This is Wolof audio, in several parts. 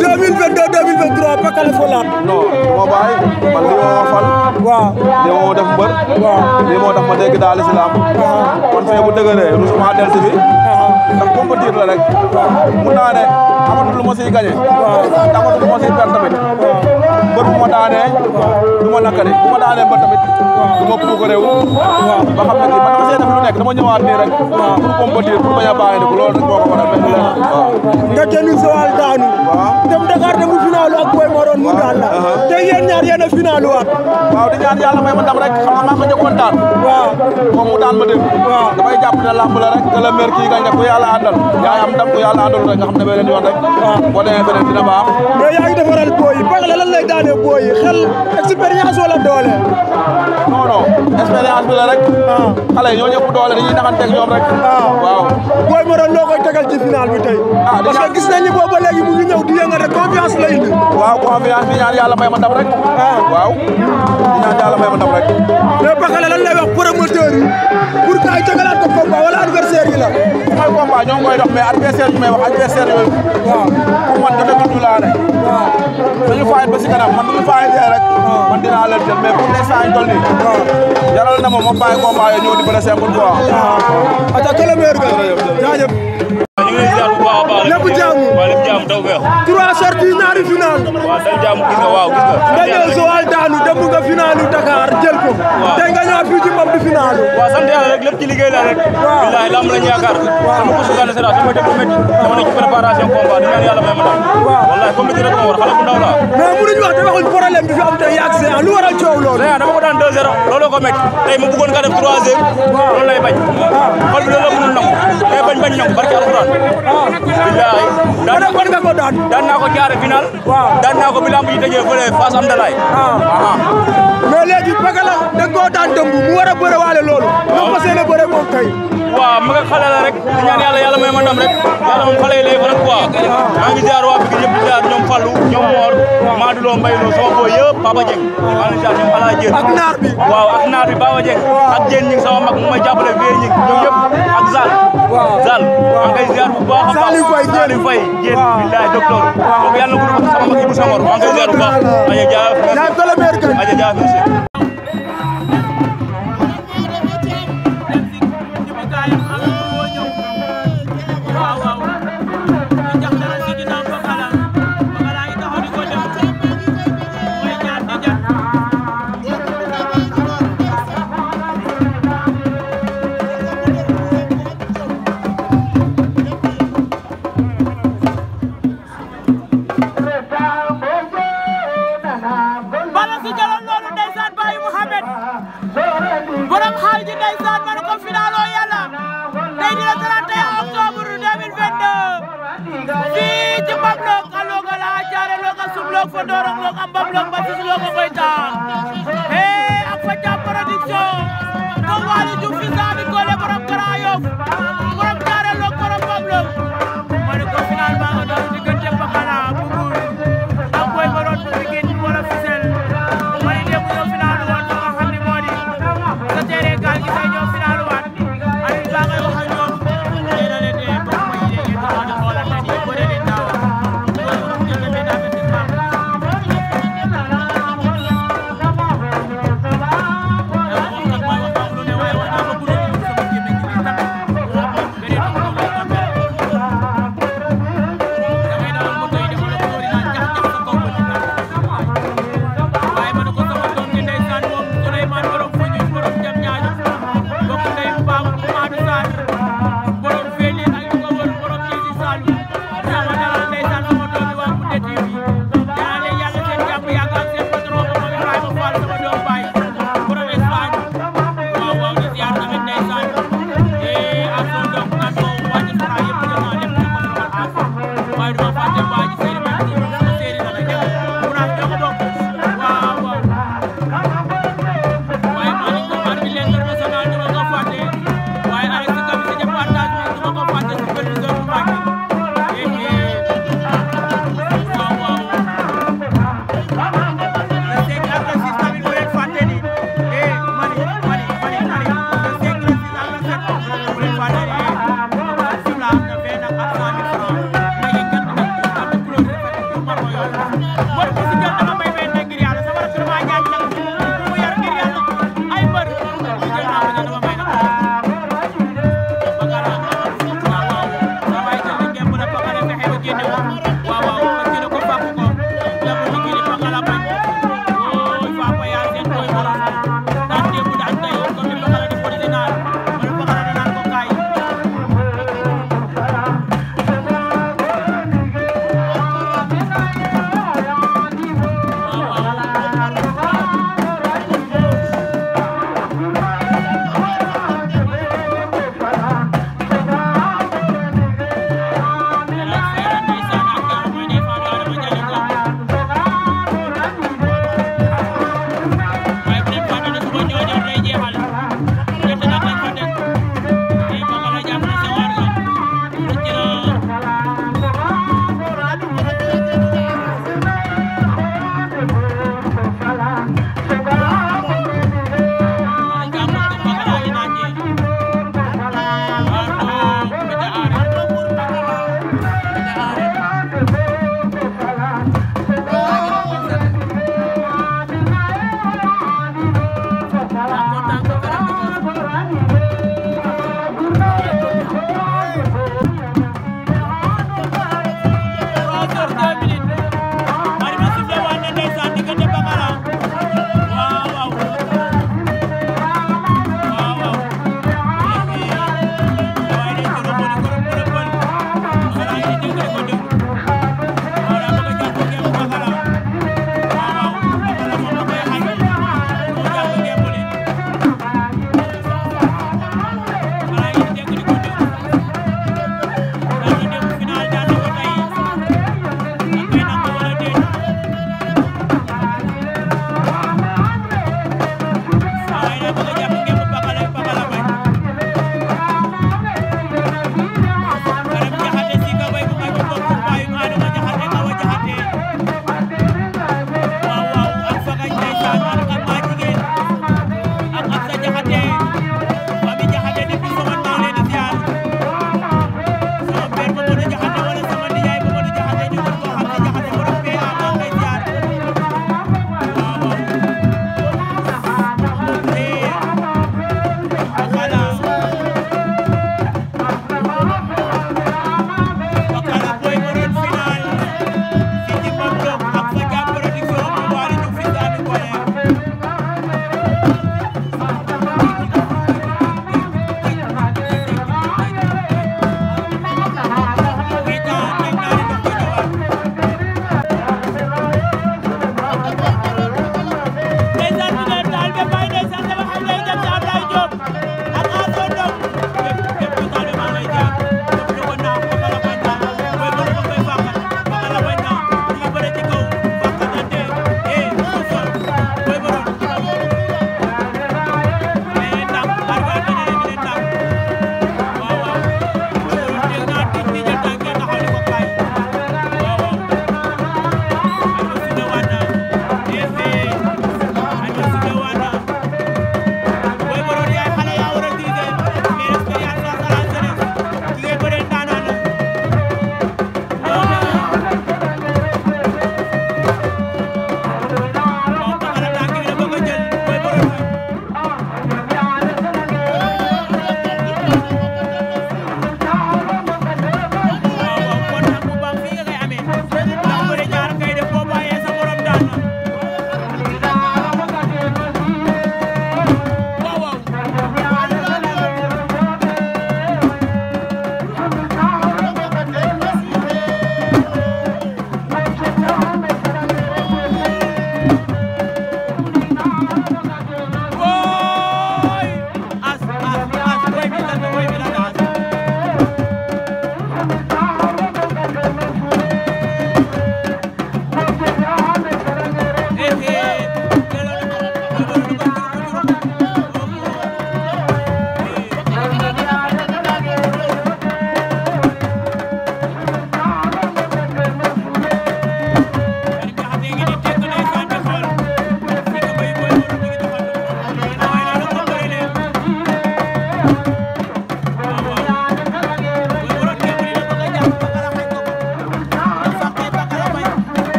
deux mille vingt deux deux mille vingt trois Pakala foo laat. non moo bàyyi man lii moo ma fal. waaw lii moo ma def mbër. waaw moo tax ma dégg daal islam. kon fee bu dëgëree rusuma del si fi. ndax compétir la rek. mun naa ne amatul lu ma siy gagné. waaw amatul lu ma siy perte mbër bu ma daanee du ma naka de bu ma daanee mbër tamit du ma puuk réew ba xam ne kii man dama see def lu nekk dama ñëwaat nii rek pour combattre pour bañ a bàyyi ko loolu rek moo ko waral mel la nga génn sowal daanu dem Dakar dem finalu ak Boy Maroon mu daan la uh-huh. te yéen ñaar yéen a finalu waat waaw di ñaan yàlla may ma ndam rek xam nga maa ko njëkkoon daan waaw moom mu daan ma dem damay jàpp ne làmb la rek que le maire kii gañ ne ku yàlla àndal yaay am ndam ku yàlla àndal rek nga xam ne beneen yoon rek boo demee beneen dina baax mais yaa ngi defaral booy yi baax la lan ne booy yi xel expérience wala doole. non non expérience bi la rek. Ah. xale yi ñoo ñëpp doole dañuy naxanteeg ñoom rek. Ah. waaw booy ma a loo koy tegal ci final bi tey. a ah, parce que gis nañ ni boobu ba léegi mu ngi ñëw a yëngal rek confiance lay indi. waaw confiance bi ñaan yàlla may ma ndam rek. waaw di ñaan yàlla may ma ndam rek. mais Pakala lan lay wax promoteur yi pour que ay dox mais adversaire bi may wax adversaire yooyu. waaw pour man dafa gudd laa rek. ba si kanam man duñu faayitee rek. man dinaa leen jël mais pour na ma ma bàyyi combat yooyu ñëw di bëre simple quoi. waaw. attaque la meilleure gars jaajëf. ñu ngi lay ziar bu baax a baax. lépp jàmm taw feex. trois sorties ñaari final. waaw dal jàmm gis nga waaw gis nga. nga ñëw Joal daanu dem nga finalu Dakar nga ñëwaat fii ci moom di final. waaw sant yàlla rek lépp ci liggéey la rek. waaw bilaay lamb lañu yaakaar. waaw sama kusu gànna sera sama dem bu métti. dama ne ci préparation combat di ñaan yàlla may ma dam. waaw wallaay comme ni war xale bu ndaw laa. mais mënuñu wax te waxuñ problème bi fi am tey yaag Géant lu waral coow loolu. Géant dama ko daan 2-0 looloo ko métti tey ma bëggoon ka def 3-0. waaw loolu lay bañ. waaw xol bañ bañ war nga ko daan. daan naa ko jaare final. waaw daan naa ko bi lamb ji tëjee fële Fass am dalay. waaw ah. mais léegi Pakala da nga koo daan dëmb mu war a bëre waale loolu. waaw nga fas yéene bëre moom tey. waaw rek. di ñaan ma ndam rek. yàlla moom xale yi lay ah. maa ngi jaar waa bi yëpp jaar ñoom Fallou ñoom Mor Maduloo Mbayloo sama booy yëpp Papa Dieng maa ngi ñoom Ala Dieng ak naar ak naar bi Papa ak Dieng ñi ngi sama mu may jàppale vie ñi ñoom ñëpp ak Zal Zal maa ngi koy ziar bu baax a baax Saliou Faye Saliou Faye Dieng billahi docteur donc yàlla na ko sama mag Ibou Samor maa ngi koy ziar bu baax aja jaaf aja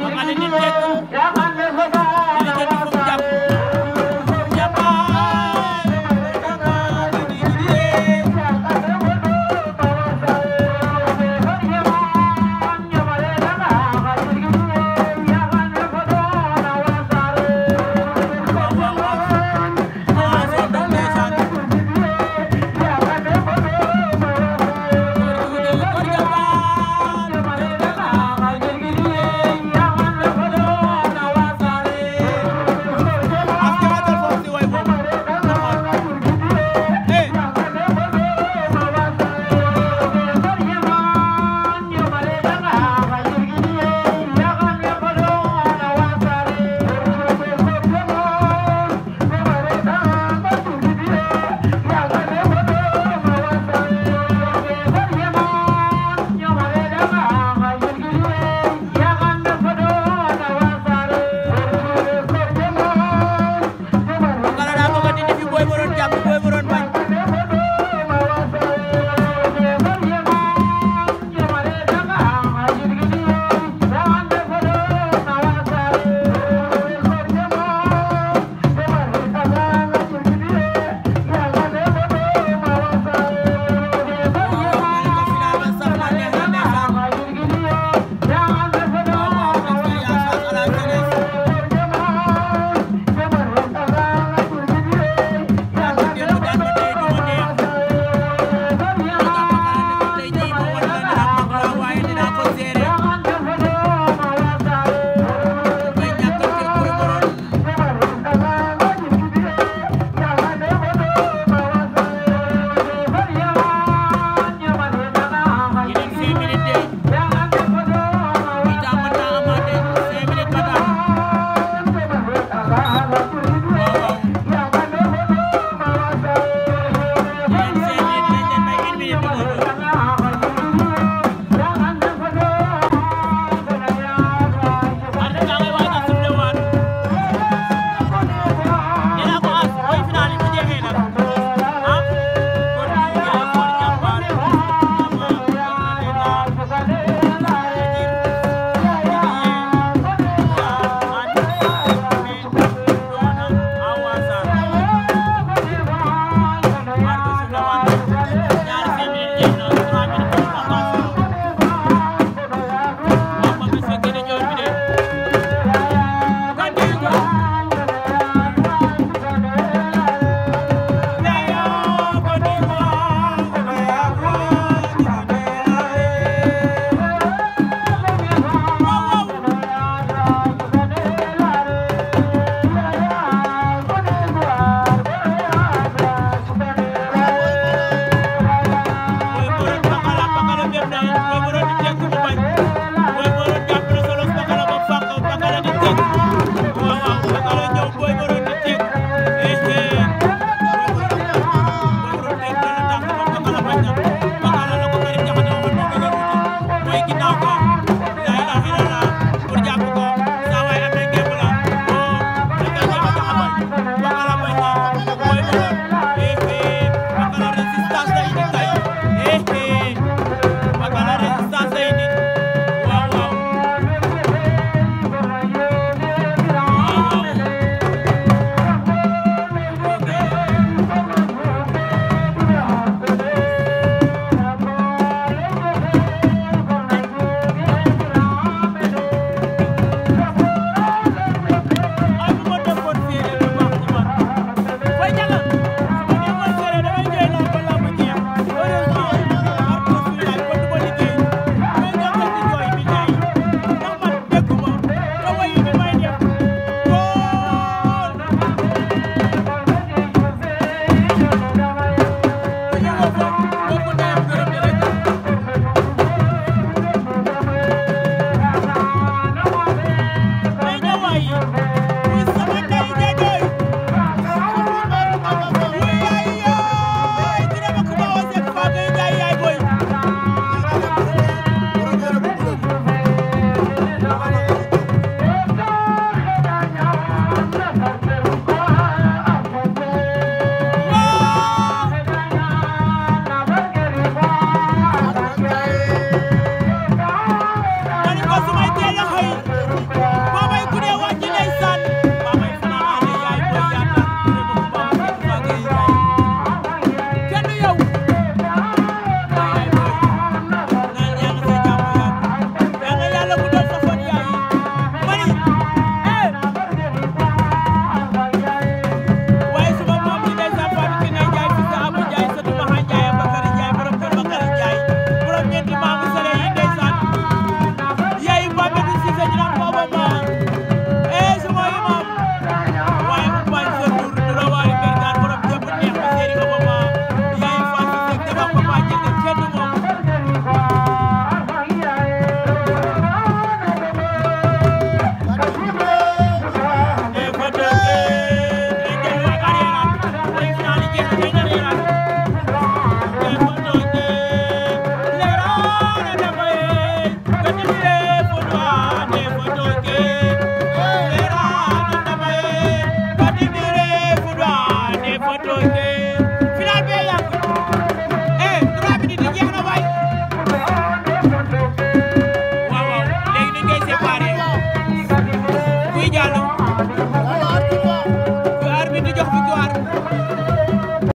Magaling din dito.